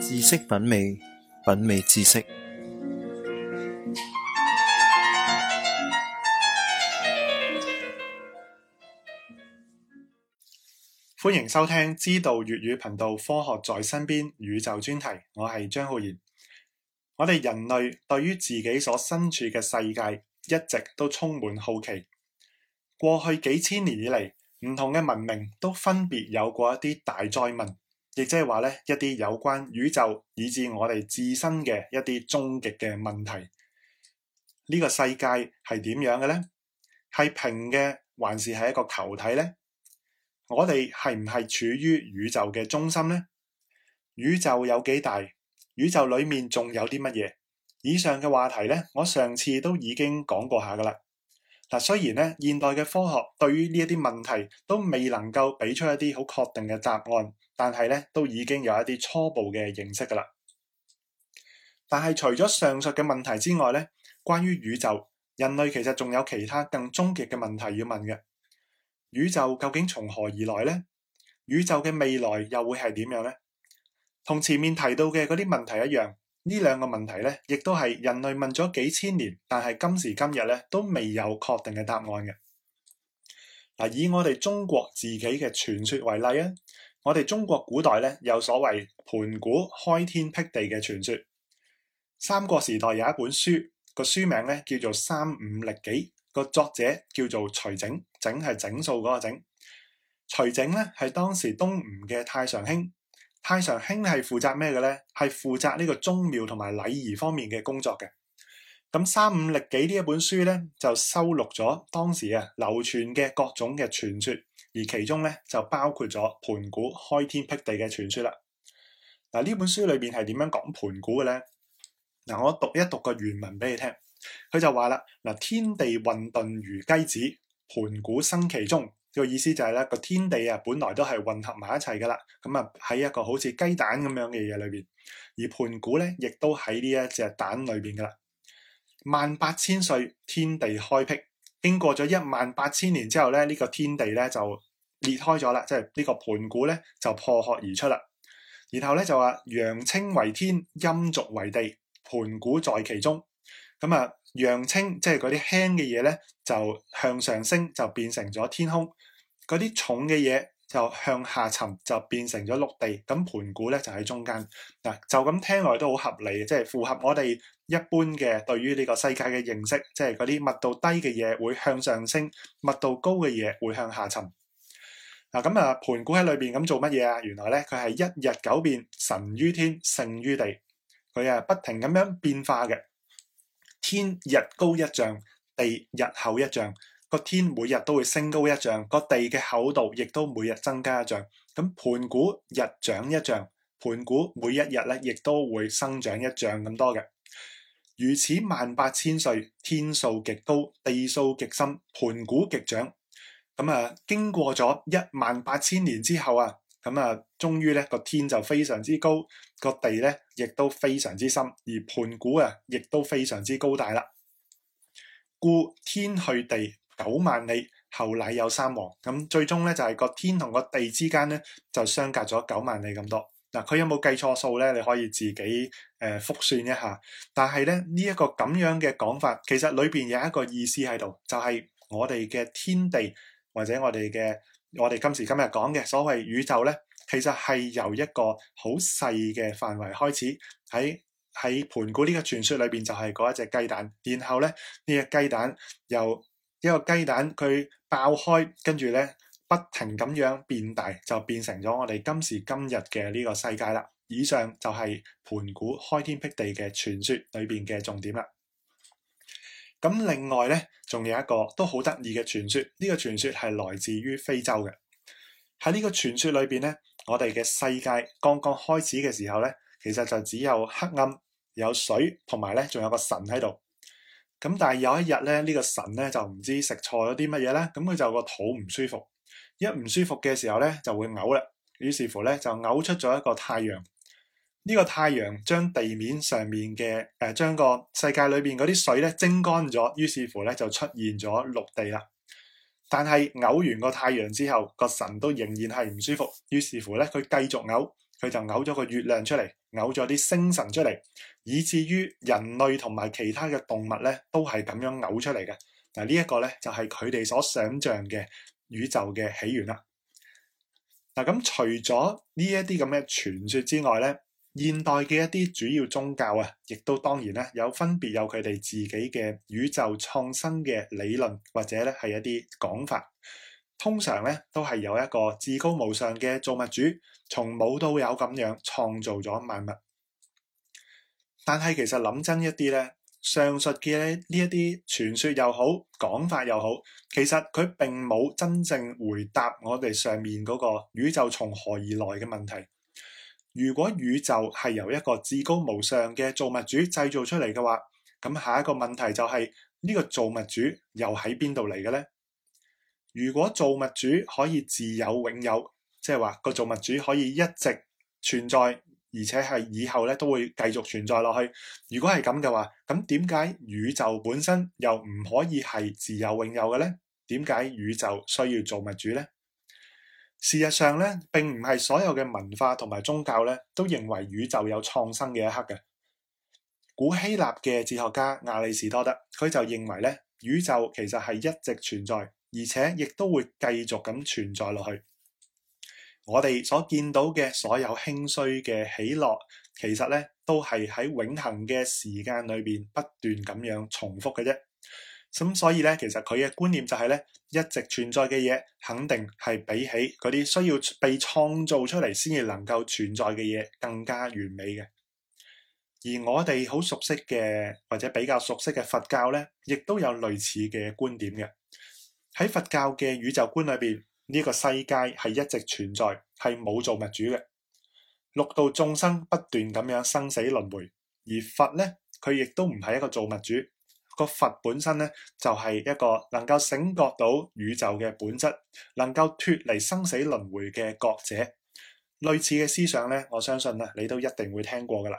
知識品味，品味知識。歡迎收聽知道粵語頻道《科學在身邊》宇宙專題，我係張浩然。我哋人類對於自己所身處嘅世界，一直都充滿好奇。過去幾千年以嚟，唔同嘅文明都分別有過一啲大哉問。亦即係話咧，一啲有關宇宙以至我哋自身嘅一啲終極嘅問題，呢個世界係點樣嘅呢？係平嘅，還是係一個球體呢？我哋係唔係處於宇宙嘅中心呢？宇宙有幾大？宇宙裏面仲有啲乜嘢？以上嘅話題呢，我上次都已經講過下噶啦。嗱，雖然咧現代嘅科學對於呢一啲問題都未能夠俾出一啲好確定嘅答案，但係咧都已經有一啲初步嘅認識㗎喇。但係除咗上述嘅問題之外咧，關於宇宙，人類其實仲有其他更終極嘅問題要問嘅。宇宙究竟從何而來呢？宇宙嘅未來又會係點樣呢？同前面提到嘅嗰啲問題一樣。呢兩個問題咧，亦都係人類問咗幾千年，但係今時今日咧都未有確定嘅答案嘅。嗱，以我哋中國自己嘅傳說為例啊，我哋中國古代咧有所謂盤古開天闢地嘅傳說。三國時代有一本書，個書名咧叫做《三五歷紀》，個作者叫做徐整，整係整數嗰個整。徐整咧係當時東吳嘅太常卿。太常卿係負責咩嘅咧？係負責呢個宗廟同埋禮儀方面嘅工作嘅。咁《三五歷紀》呢一本書咧，就收錄咗當時啊流傳嘅各種嘅傳說，而其中咧就包括咗盤古開天辟地嘅傳說啦。嗱呢本書裏邊係點樣講盤古嘅咧？嗱我讀一讀個原文俾你聽，佢就話啦：嗱天地混沌如雞子，盤古生其中。個意思就係咧，個天地啊，本來都係混合埋一齊噶啦。咁啊，喺一個好似雞蛋咁樣嘅嘢裏邊，而盤古咧，亦都喺呢一隻蛋裏邊噶啦。萬八千歲，天地開闢，經過咗一萬八千年之後咧，呢個天地咧就裂開咗啦，即係呢個盤古咧就破殼而出啦。然後咧就話陽清為天，陰濁為地，盤古在其中。咁啊，陽清即係嗰啲輕嘅嘢咧，就向上升，就變成咗天空。嗰啲重嘅嘢就向下沉，就變成咗陸地。咁盤古咧就喺中間嗱、啊，就咁聽落都好合理，即係符合我哋一般嘅對於呢個世界嘅認識，即係嗰啲密度低嘅嘢會向上升，密度高嘅嘢會向下沉。嗱、啊，咁啊盤古喺裏邊咁做乜嘢啊？原來咧佢係一日九變，神於天，勝於地，佢啊不停咁樣變化嘅。天日高一丈，地日厚一丈。個天每日都會升高一丈，個地嘅厚度亦都每日增加一丈。咁盤古日長一丈，盤古每一日咧亦都會生長一丈咁多嘅。如此萬八千歲，天數極高，地數極深，盤古極長。咁啊，經過咗一萬八千年之後啊，咁啊，終於咧個天就非常之高，個地咧亦都非常之深，而盤古啊亦都非常之高大啦。故天去地。九萬里後，乃有三皇。咁最終咧就係、是、個天同個地之間咧就相隔咗九萬里咁多。嗱，佢有冇計錯數咧？你可以自己誒復、呃、算一下。但係咧呢一、這個咁樣嘅講法，其實裏邊有一個意思喺度，就係、是、我哋嘅天地或者我哋嘅我哋今時今日講嘅所謂宇宙咧，其實係由一個好細嘅範圍開始喺喺盤古呢個傳說裏邊就係嗰一隻雞蛋，然後咧呢隻雞、這個、蛋由……一個雞蛋佢爆開，跟住咧不停咁樣變大，就變成咗我哋今時今日嘅呢個世界啦。以上就係盤古開天闢地嘅傳說裏邊嘅重點啦。咁另外咧，仲有一個都好得意嘅傳說，呢、這個傳說係來自於非洲嘅。喺呢個傳說裏邊咧，我哋嘅世界剛剛開始嘅時候咧，其實就只有黑暗、有水，同埋咧仲有，呢有個神喺度。咁但係有一日咧，呢個神咧就唔知食錯咗啲乜嘢咧，咁佢就個肚唔舒服，一唔舒服嘅時候咧就會嘔啦，於是乎咧就嘔出咗一個太陽，呢個太陽將地面上面嘅誒、呃，將個世界裏邊嗰啲水咧蒸乾咗，於是乎咧就出現咗陸地啦。但係嘔完個太陽之後，個神都仍然係唔舒服，於是乎咧佢繼續嘔。佢就嘔咗個月亮出嚟，嘔咗啲星辰出嚟，以至於人類同埋其他嘅動物咧，都係咁樣嘔出嚟嘅。嗱，這個，呢一個咧就係佢哋所想象嘅宇宙嘅起源啦。嗱，咁除咗呢一啲咁嘅傳說之外咧，現代嘅一啲主要宗教啊，亦都當然咧有分別，有佢哋自己嘅宇宙創新嘅理論或者咧係一啲講法。通常咧都係有一個至高無上嘅造物主，從冇到有咁樣創造咗萬物。但係其實諗真一啲咧，上述嘅呢一啲傳說又好，講法又好，其實佢並冇真正回答我哋上面嗰個宇宙從何而來嘅問題。如果宇宙係由一個至高無上嘅造物主製造出嚟嘅話，咁下一個問題就係呢個造物主又喺邊度嚟嘅咧？如果造物主可以自有永有，即係話個造物主可以一直存在，而且係以後咧都會繼續存在落去。如果係咁嘅話，咁點解宇宙本身又唔可以係自有永有嘅呢？點解宇宙需要造物主呢？事實上咧，並唔係所有嘅文化同埋宗教咧都認為宇宙有創生嘅一刻嘅。古希臘嘅哲學家亞里士多德佢就認為咧，宇宙其實係一直存在。而且亦都會繼續咁存在落去。我哋所見到嘅所有興衰嘅起落，其實咧都係喺永恆嘅時間裏邊不斷咁樣重複嘅啫。咁所以咧，其實佢嘅觀念就係、是、咧，一直存在嘅嘢，肯定係比起嗰啲需要被創造出嚟先至能夠存在嘅嘢更加完美嘅。而我哋好熟悉嘅或者比較熟悉嘅佛教咧，亦都有類似嘅觀點嘅。喺佛教嘅宇宙觀裏邊，呢、這個世界係一直存在，係冇造物主嘅。六道眾生不斷咁樣生死輪迴，而佛咧佢亦都唔係一個造物主。個佛本身咧就係、是、一個能夠醒覺到宇宙嘅本質，能夠脫離生死輪迴嘅覺者。類似嘅思想咧，我相信咧你都一定會聽過噶啦。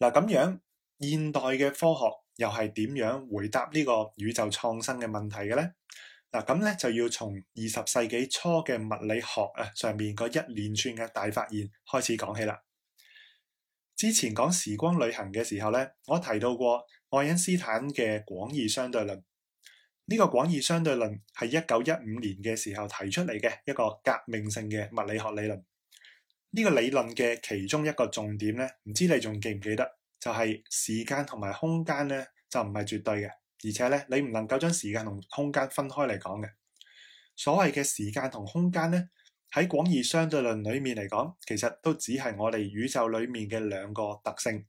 嗱咁樣，現代嘅科學。又係點樣回答呢個宇宙創新嘅問題嘅呢？嗱咁咧，就要從二十世紀初嘅物理學啊上面個一連串嘅大發現開始講起啦。之前講時光旅行嘅時候咧，我提到過愛因斯坦嘅廣義相對論。呢個廣義相對論係一九一五年嘅時候提出嚟嘅一個革命性嘅物理學理論。呢個理論嘅其中一個重點咧，唔知你仲記唔記得？就係時間同埋空間咧，就唔係絕對嘅，而且咧，你唔能夠將時間同空間分開嚟講嘅。所謂嘅時間同空間咧，喺廣義相對論裏面嚟講，其實都只係我哋宇宙裏面嘅兩個特性。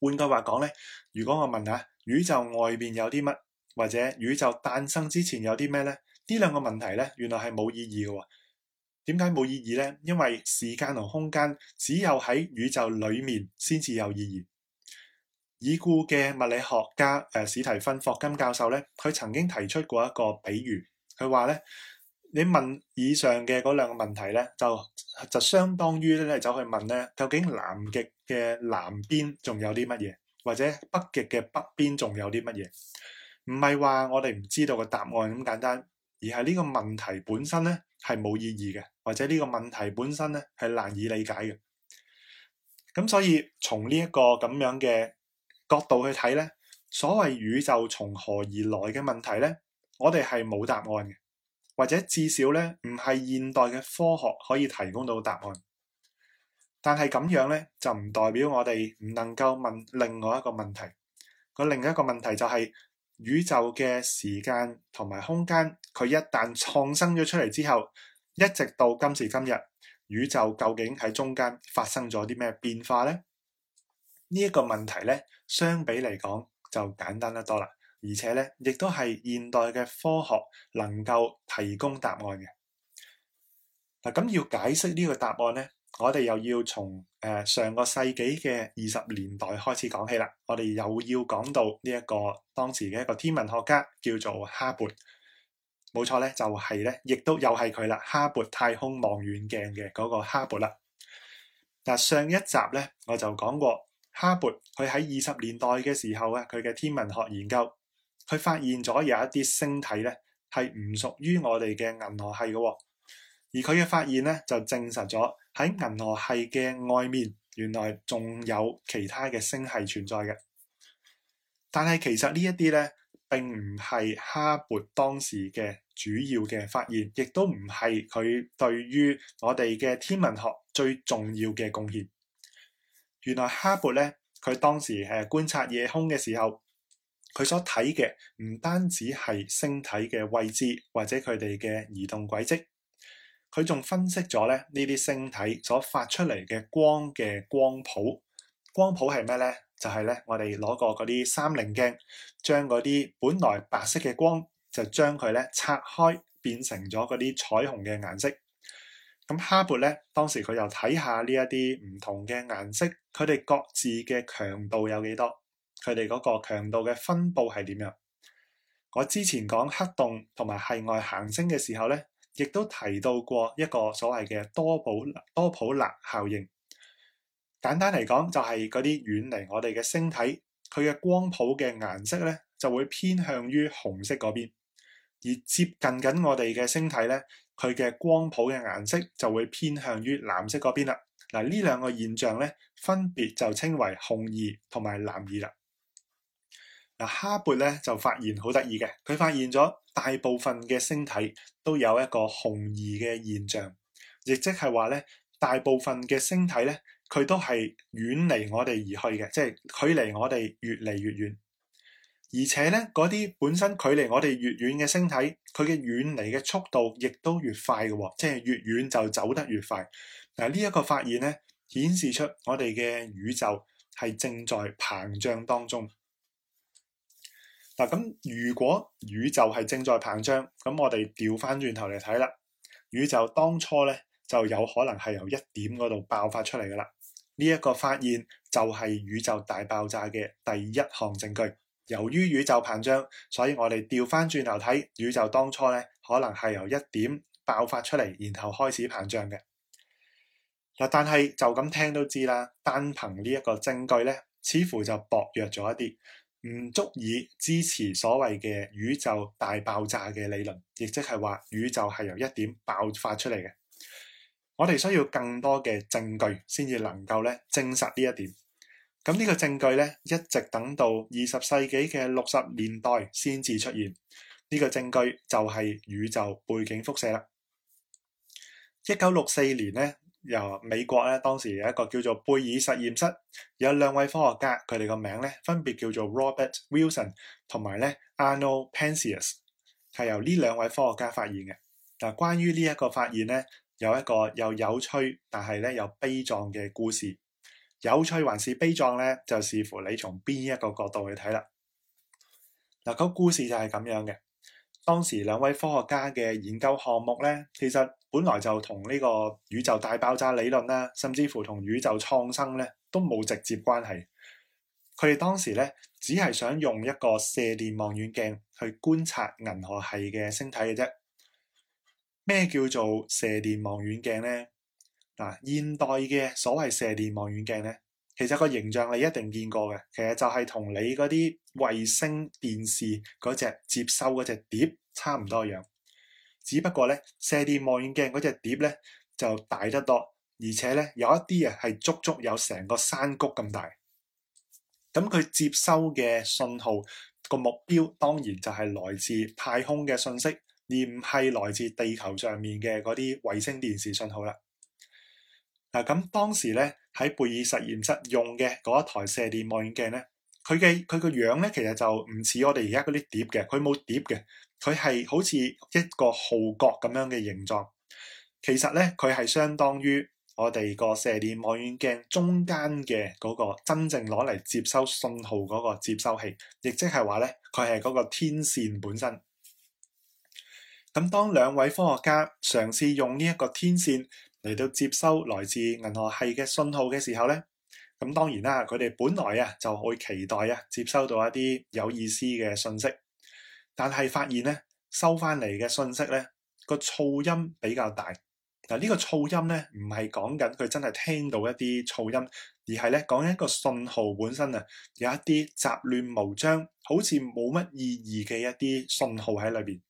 換句話講咧，如果我問下宇宙外面有啲乜，或者宇宙誕生之前有啲咩咧，呢兩個問題咧，原來係冇意義嘅。點解冇意義咧？因為時間同空間只有喺宇宙裏面先至有意義。已故嘅物理學家誒史提芬霍金教授咧，佢曾經提出過一個比喻，佢話咧，你問以上嘅嗰兩個問題咧，就就相當於咧走去問咧，究竟南極嘅南邊仲有啲乜嘢，或者北極嘅北邊仲有啲乜嘢？唔係話我哋唔知道個答案咁簡單，而係呢個問題本身咧。係冇意義嘅，或者呢個問題本身呢係難以理解嘅。咁所以從呢一個咁樣嘅角度去睇呢，所謂宇宙從何而來嘅問題呢，我哋係冇答案嘅，或者至少呢唔係現代嘅科學可以提供到答案。但係咁樣呢，就唔代表我哋唔能夠問另外一個問題。個另外一個問題就係，是。宇宙嘅時間同埋空間，佢一旦創生咗出嚟之後，一直到今時今日，宇宙究竟喺中間發生咗啲咩變化呢？呢一個問題呢，相比嚟講就簡單得多啦，而且呢，亦都係現代嘅科學能夠提供答案嘅。嗱，咁要解釋呢個答案呢。我哋又要從誒、呃、上個世紀嘅二十年代開始講起啦，我哋又要講到呢、這、一個當時嘅一個天文學家叫做哈勃，冇錯咧，就係、是、咧，亦都又係佢啦，哈勃太空望遠鏡嘅嗰個哈勃啦。嗱，上一集咧我就講過，哈勃佢喺二十年代嘅時候啊，佢嘅天文學研究，佢發現咗有一啲星體咧係唔屬於我哋嘅銀河系嘅喎、哦。而佢嘅發現咧，就證實咗喺銀河系嘅外面，原來仲有其他嘅星系存在嘅。但係其實呢一啲咧，並唔係哈勃當時嘅主要嘅發現，亦都唔係佢對於我哋嘅天文學最重要嘅貢獻。原來哈勃咧，佢當時誒觀察夜空嘅時候，佢所睇嘅唔單止係星體嘅位置，或者佢哋嘅移動軌跡。佢仲分析咗咧呢啲星體所發出嚟嘅光嘅光譜，光譜係咩咧？就係、是、咧我哋攞過嗰啲三稜鏡，將嗰啲本來白色嘅光，就將佢咧拆開，變成咗嗰啲彩虹嘅顏色。咁哈勃咧，當時佢又睇下呢一啲唔同嘅顏色，佢哋各自嘅強度有幾多，佢哋嗰個強度嘅分佈係點樣？我之前講黑洞同埋系外行星嘅時候咧。亦都提到過一個所謂嘅多普多普勒效應。簡單嚟講，就係嗰啲遠離我哋嘅星體，佢嘅光譜嘅顏色咧就會偏向於紅色嗰邊；而接近緊我哋嘅星體咧，佢嘅光譜嘅顏色就會偏向於藍色嗰邊啦。嗱，呢兩個現象咧，分別就稱為紅移同埋藍移啦。哈勃咧就發現好得意嘅，佢發現咗大部分嘅星體都有一個紅移嘅現象，亦即係話咧，大部分嘅星體咧，佢都係遠離我哋而去嘅，即係距離我哋越嚟越遠。而且咧，嗰啲本身距離我哋越遠嘅星體，佢嘅遠離嘅速度亦都越快嘅，即係越遠就走得越快。嗱，呢一個發現咧，顯示出我哋嘅宇宙係正在膨脹當中。嗱，咁如果宇宙係正在膨脹，咁我哋調翻轉頭嚟睇啦，宇宙當初咧就有可能係由一點嗰度爆發出嚟噶啦。呢一個發現就係宇宙大爆炸嘅第一項證據。由於宇宙膨脹，所以我哋調翻轉頭睇，宇宙當初咧可能係由一點爆發出嚟，然後開始膨脹嘅。嗱，但係就咁聽都知啦，單憑呢一個證據咧，似乎就薄弱咗一啲。唔足以支持所謂嘅宇宙大爆炸嘅理論，亦即係話宇宙係由一點爆發出嚟嘅。我哋需要更多嘅證據先至能夠咧證實呢一點。咁呢個證據咧一直等到二十世紀嘅六十年代先至出現。呢個證據就係宇宙背景輻射啦。一九六四年咧，由美國咧，當時有一個叫做貝爾實驗室，有兩位科學家，佢哋個名咧分別叫做 Robert Wilson 同埋咧 Arno Penzias 係由呢兩位科學家發現嘅。嗱，關於呢一個發現咧，有一個又有,有趣但係咧又悲壯嘅故事，有趣還是悲壯咧，就視乎你從邊一個角度去睇啦。嗱，個故事就係咁樣嘅。當時兩位科學家嘅研究項目咧，其實本來就同呢個宇宙大爆炸理論啦，甚至乎同宇宙創生咧都冇直接關係。佢哋當時咧只係想用一個射電望遠鏡去觀察銀河系嘅星體嘅啫。咩叫做射電望遠鏡呢？嗱，現代嘅所謂射電望遠鏡呢，其實個形象你一定見過嘅，其實就係同你嗰啲衛星電視嗰隻接收嗰隻碟差唔多樣，只不過呢，射電望遠鏡嗰隻碟呢就大得多，而且呢，有一啲啊係足足有成個山谷咁大。咁佢接收嘅信號個目標當然就係來自太空嘅信息，而唔係來自地球上面嘅嗰啲衛星電視信號啦。嗱咁，當時咧喺貝爾實驗室用嘅嗰一台射電望遠鏡咧，佢嘅佢個樣咧，其實就唔似我哋而家嗰啲碟嘅，佢冇碟嘅，佢係好似一個號角咁樣嘅形狀。其實咧，佢係相當於我哋個射電望遠鏡中間嘅嗰個真正攞嚟接收信號嗰個接收器，亦即係話咧，佢係嗰個天線本身。咁當兩位科學家嘗試用呢一個天線，嚟到接收來自銀河系嘅信號嘅時候咧，咁當然啦，佢哋本來啊就會期待啊接收到一啲有意思嘅信息，但係發現咧，收翻嚟嘅信息咧個噪音比較大。嗱、這、呢個噪音咧唔係講緊佢真係聽到一啲噪音，而係咧講緊一個信號本身啊有一啲雜亂無章，好似冇乜意義嘅一啲信號喺裏邊。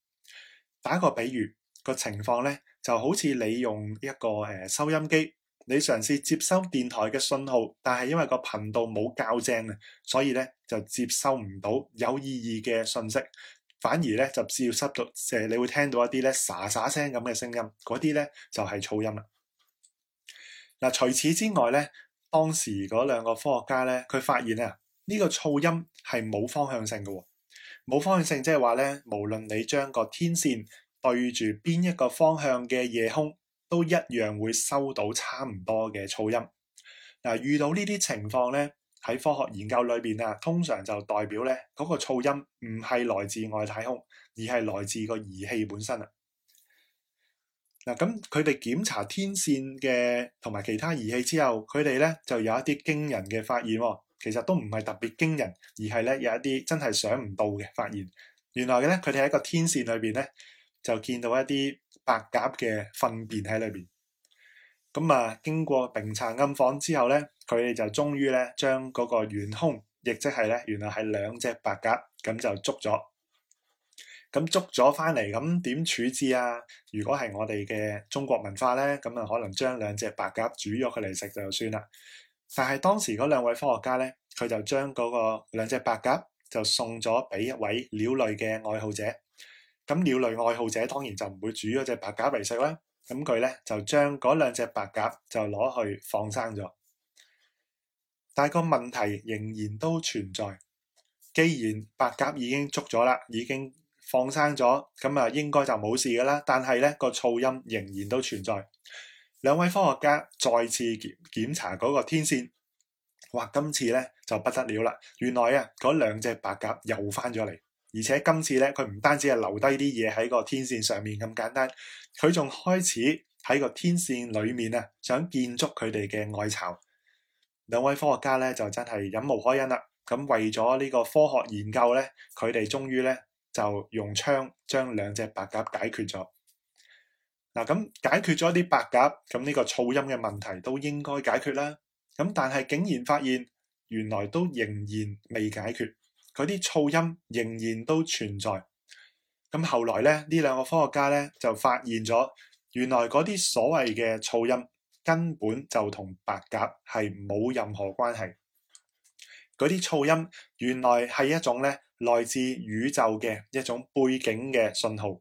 打一個比喻，這個情況咧。就好似你用一個誒收音機，你嘗試接收電台嘅信號，但係因為個頻道冇校正啊，所以咧就接收唔到有意義嘅信息，反而咧就只要收到，即係你會聽到一啲咧沙沙聲咁嘅聲音，嗰啲咧就係噪音啦。嗱，除此之外咧，當時嗰兩個科學家咧，佢發現啊，呢個噪音係冇方向性嘅哦，冇方向性即係話咧，無論你將個天線。對住邊一個方向嘅夜空，都一樣會收到差唔多嘅噪音。嗱，遇到呢啲情況呢，喺科學研究裏邊啊，通常就代表呢嗰個噪音唔係來自外太空，而係來自個儀器本身啊。嗱，咁佢哋檢查天線嘅同埋其他儀器之後，佢哋呢就有一啲驚人嘅發現。其實都唔係特別驚人，而係呢有一啲真係想唔到嘅發現。原來嘅咧，佢哋喺個天線裏邊呢。就見到一啲白鴿嘅糞便喺裏邊，咁啊，經過明查暗訪之後呢，佢哋就終於呢將嗰個元兇，亦即係呢原來係兩隻白鴿，咁就捉咗。咁捉咗返嚟，咁點處置啊？如果係我哋嘅中國文化呢，咁啊可能將兩隻白鴿煮咗佢嚟食就算啦。但係當時嗰兩位科學家呢，佢就將嗰個兩隻白鴿就送咗俾一位鳥類嘅愛好者。咁鳥類愛好者當然就唔會煮嗰隻白鴿嚟食啦，咁佢咧就將嗰兩隻白鴿就攞去放生咗，但係個問題仍然都存在。既然白鴿已經捉咗啦，已經放生咗，咁啊應該就冇事㗎啦。但係咧個噪音仍然都存在。兩位科學家再次檢檢查嗰個天線，哇！今次咧就不得了啦，原來啊嗰兩隻白鴿又翻咗嚟。而且今次咧，佢唔單止係留低啲嘢，喺個天線上面咁簡單，佢仲開始喺個天線裏面啊，想建築佢哋嘅愛巢。兩位科學家咧就真係忍無可忍啦。咁為咗呢個科學研究咧，佢哋終於咧就用槍將兩隻白鴿解決咗。嗱，咁解決咗啲白鴿，咁呢個噪音嘅問題都應該解決啦。咁但係竟然發現，原來都仍然未解決。佢啲噪音仍然都存在。咁後來咧，呢兩個科學家咧就發現咗，原來嗰啲所謂嘅噪音根本就同白鴿係冇任何關係。嗰啲噪音原來係一種咧來自宇宙嘅一種背景嘅信號，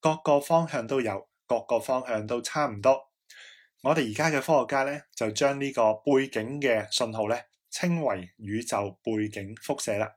各個方向都有，各個方向都差唔多。我哋而家嘅科學家咧就將呢個背景嘅信號咧稱為宇宙背景輻射啦。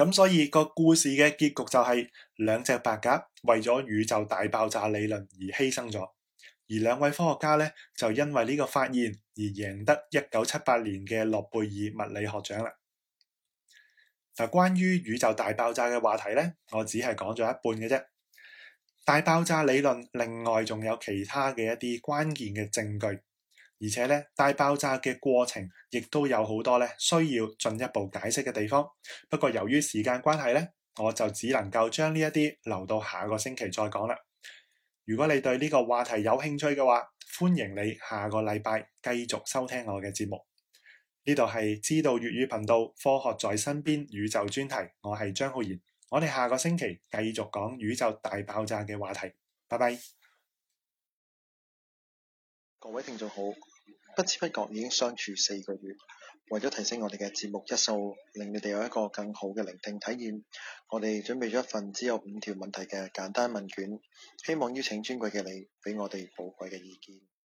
咁所以個故事嘅結局就係兩隻白鴿為咗宇宙大爆炸理論而犧牲咗，而兩位科學家呢，就因為呢個發現而贏得一九七八年嘅諾貝爾物理學獎啦。嗱，關於宇宙大爆炸嘅話題呢，我只係講咗一半嘅啫。大爆炸理論另外仲有其他嘅一啲關鍵嘅證據。而且咧，大爆炸嘅過程亦都有好多咧需要進一步解釋嘅地方。不過由於時間關係咧，我就只能夠將呢一啲留到下個星期再講啦。如果你對呢個話題有興趣嘅話，歡迎你下個禮拜繼續收聽我嘅節目。呢度係知道粵語頻道科學在身邊宇宙專題，我係張浩然。我哋下個星期繼續講宇宙大爆炸嘅話題。拜拜。各位聽眾好。不知不覺已經相處四個月，為咗提升我哋嘅節目質素，令你哋有一個更好嘅聆聽體驗，我哋準備咗一份只有五條問題嘅簡單問卷，希望邀請尊貴嘅你俾我哋寶貴嘅意見。